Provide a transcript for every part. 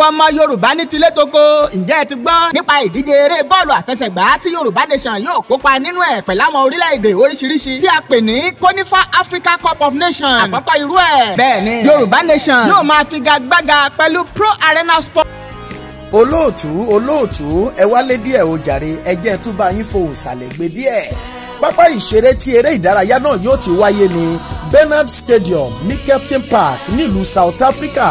gbogbo ọmọ yorùbá ní tilé tóko ǹjẹ́ ẹ ti gbọ́ nípa ìdíje eré bọ́ọ̀lù àfẹsẹ̀gbá tí yorùbá nation yóò kópa nínú ẹ̀ pẹ̀láwọn orílẹ̀-èdè oríṣiríṣi tí a pè ní conifa africa cup of nations àkọ́kọ́ irú ẹ̀ bẹ́ẹ̀ ni yorùbá nation yóò máa figagbága pẹ̀lú pro arena sport olóòtú olóòtú ẹ wálé díẹ̀ o jàre ẹ jẹ́ túbà yín fohùn sàlẹ̀gbẹ́ díẹ̀ pápá ìṣeré tí eré ìdárayá náà yóò ti wáyé ní Bernard Stadium ní Kempton Park nílùú South Africa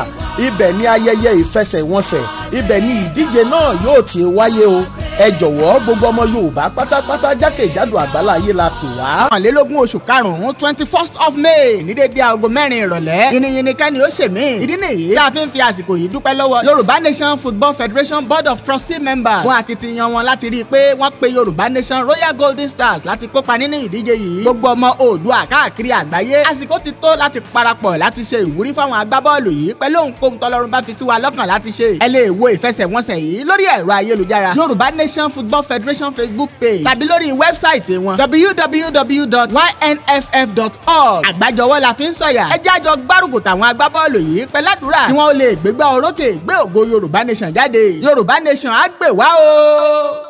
ibẹ̀ ni ayẹyẹ ìfẹsẹ̀wọnsẹ̀ ibẹ̀ ni ìdíje náà yóò ti wáyé o ẹ jọ̀wọ́ gbogbo ọmọ Yorùbá pátápátá jákèjádò àgbálá ayé la pè wá. mọ̀lélógún oṣù karùn-ún twenty first of May ní dédé aago mẹ́rin ìrọ̀lẹ́ yìnyínní kẹ́ni ó ṣe mí ìdí nìyí tá a fi ń fi àsìkò yìí dúpẹ́ lọ́wọ́ Yorùbá Nation Football Federation Board of Trustee members fún akitiyan wọn láti rí i pé wọ́n pe Yorùbá Nation Royal Golden Stars láti kópa nínú ìdíje yìí gbogbo ọmọ Oòduà káàkiri àgbáyé àsìkò ti tó láti parapọ̀ láti ṣe ìwúrí fáwọn agbábọ́ọ̀lù yìí pẹ̀lú òǹkóhun tọ́lọ́run bá fi sí wa lọ́kàn láti ṣe ẹ lè wo ìfẹsẹ̀wọnsẹ̀ yìí lórí ẹ̀rọ ayélujára Yorùbá Nation Nigerian Football Federation Facebook page tàbí lórí wẹ́bsáìtì wọn www.ynff.org àgbájọwọ́ la fi ń sọ̀yà ẹ jẹ́ àjọ gbárùkù tàwọn agbábọ́ọ̀lù yìí pẹ̀ládùúrà kí wọ́n lè gbégbá orókè gbé ògo Yorùbá Nation jáde Yorùbá Nation á gbè wá o.